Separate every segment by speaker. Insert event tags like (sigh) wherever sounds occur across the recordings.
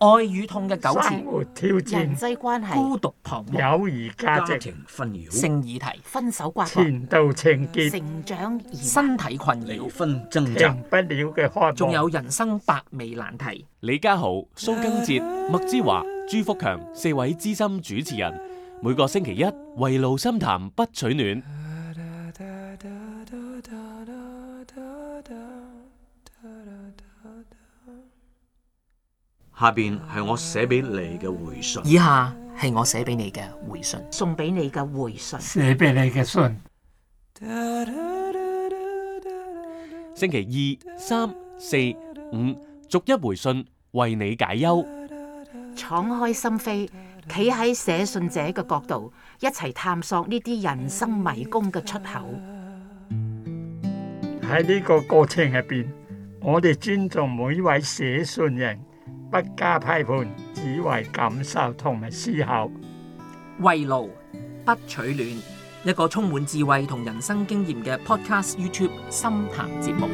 Speaker 1: 愛與痛嘅糾纏，人際關係孤獨彷徨，
Speaker 2: 友誼價值家庭紛擾，性議題，分手瓜葛，前度情結，成長身體困擾，離婚掙扎，停不了嘅開端，仲有人生百味難題。
Speaker 1: 李家豪、蘇根哲、麥之華、朱福強四位資深主持人，每個星期一圍爐深談不取暖。下邊係我寫俾你嘅回信。以下
Speaker 2: 係我寫俾你嘅回信，送俾你嘅回信，寫俾你嘅信。
Speaker 1: 星期二、三、四、五，逐一回信，為你解憂。
Speaker 2: 敞開心扉，企喺寫信者嘅角度，一齊探索呢啲人生迷宮嘅出口。
Speaker 1: 喺呢個過程入邊，我哋尊重每一位寫信人。不加批判，只為感受同埋思考。
Speaker 2: 圍爐不取暖，一個充滿智慧同人生經驗嘅 Podcast YouTube 深談節目。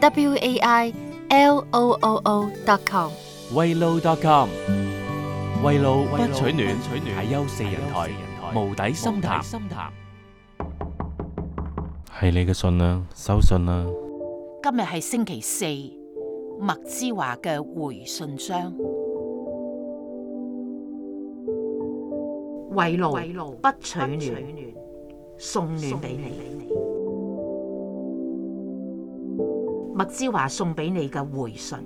Speaker 1: wailooo.com 圍爐 .com 圍爐不取暖，大優四人台無底深談。係你嘅信啊，收信啊！
Speaker 2: 今日係星期四。麥之華嘅回信章，圍爐不取暖，送暖俾你。麥之華送俾你嘅回信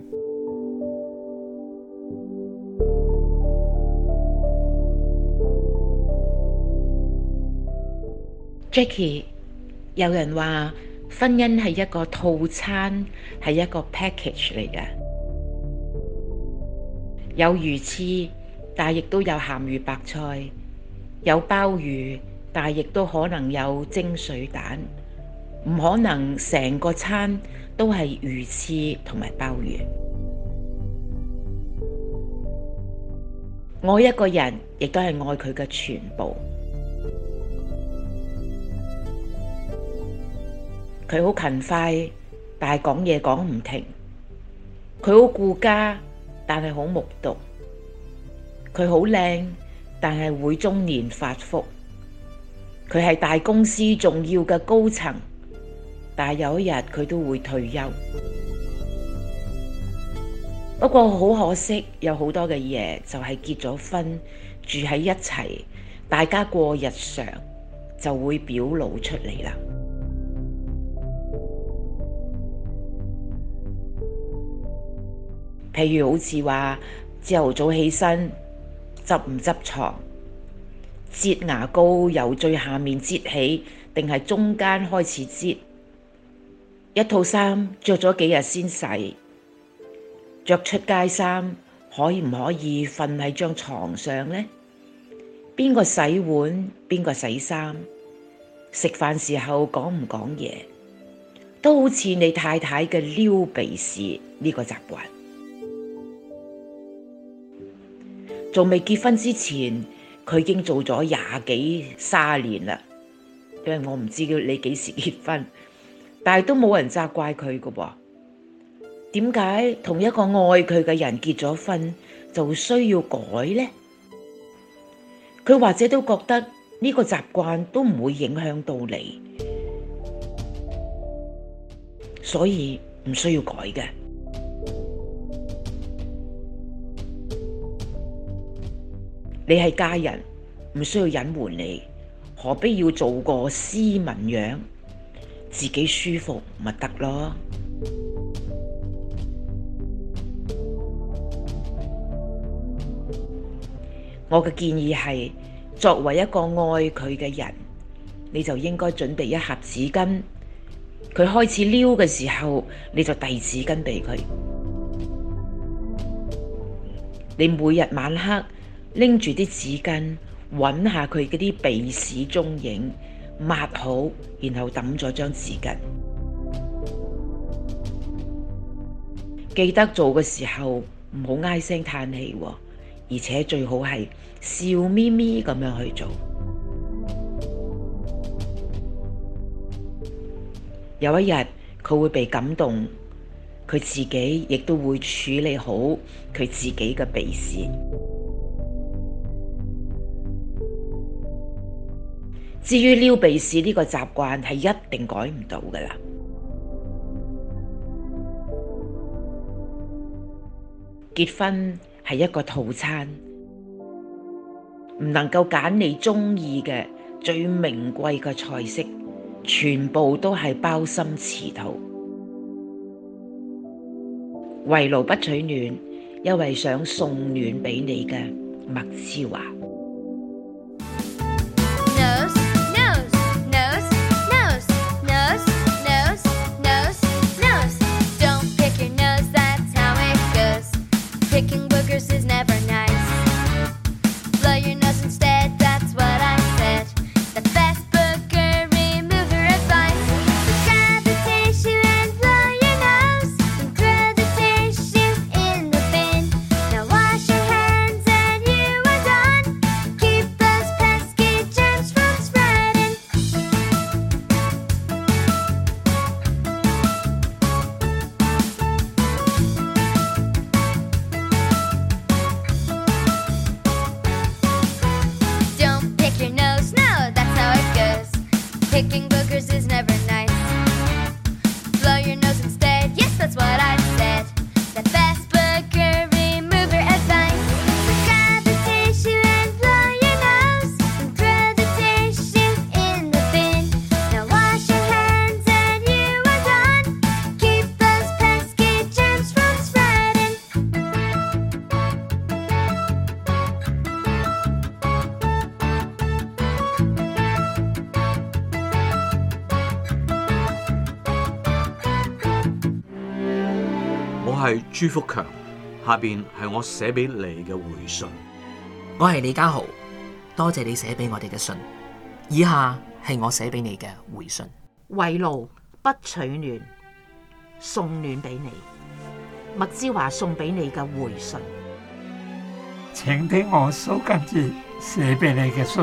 Speaker 2: ，Jacky，有人話。婚姻係一個套餐，係一個 package 嚟嘅。有魚翅，但係亦都有鹹魚白菜；有鮑魚，但係亦都可能有蒸水蛋。唔可能成個餐都係魚翅同埋鮑魚。愛一個人亦都係愛佢嘅全部。佢好勤快，但係講嘢講唔停。佢好顧家，但係好木獨。佢好靚，但係會中年發福。佢係大公司重要嘅高層，但係有一日佢都會退休。不過好可惜，有好多嘅嘢就係結咗婚，住喺一齊，大家過日常就會表露出嚟啦。例如好似話朝頭早起身執唔執床，擠牙膏由最下面擠起，定係中間開始擠？一套衫着咗幾日先洗，着出街衫可唔可以瞓喺張床上呢？邊個洗碗，邊個洗衫？食飯時候講唔講嘢？都好似你太太嘅撩鼻屎呢、這個習慣。仲未結婚之前，佢已經做咗廿幾卅年啦。因為我唔知道你幾時結婚，但係都冇人責怪佢㗎喎。點解同一個愛佢嘅人結咗婚，就需要改呢？佢或者都覺得呢個習慣都唔會影響到你，所以唔需要改嘅。你係家人，唔需要隱瞞你，何必要做個斯文樣？自己舒服咪得咯。我嘅建議係，作為一個愛佢嘅人，你就應該準備一盒紙巾。佢開始撩嘅時候，你就遞紙巾俾佢。你每日晚黑，拎住啲紙巾，搵下佢嗰啲鼻屎蹤影，抹好，然後抌咗張紙巾。 (noise) 記得做嘅時候唔好唉聲嘆氣喎，而且最好係笑咪咪咁樣去做。 (noise) 有一日佢會被感動，佢自己亦都會處理好佢自己嘅鼻屎。至於撩鼻屎呢個習慣係一定改唔到㗎喇。結婚係一個套餐，唔能夠揀你鍾意嘅最名貴嘅菜式，全部都係包心瓷肚。圍爐不取暖，因為想送暖俾你嘅麥之華。
Speaker 1: 我係朱福強，下邊係我寫俾你嘅回信。
Speaker 2: 我係李家豪，多謝你寫俾我哋嘅信，以下係我寫俾你嘅回信。圍爐不取暖，送暖俾你。麥之華送俾你嘅回信，
Speaker 1: 請聽我數跟住寫俾你嘅信。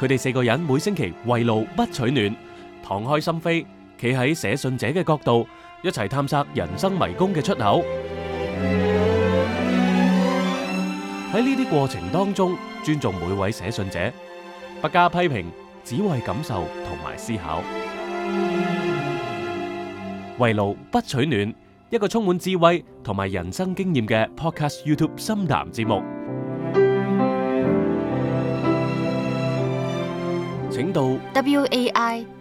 Speaker 1: 佢哋四個人每星期圍爐不取暖，敞開心扉企喺寫信者嘅角度，一齊探索人生迷宮嘅出口。喺呢啲過程當中，尊重每位寫信者，不加批評，只為感受同埋思考。圍爐不取暖，一個充滿智慧同埋人生經驗嘅 Podcast YouTube 深談節目，請到 WAI。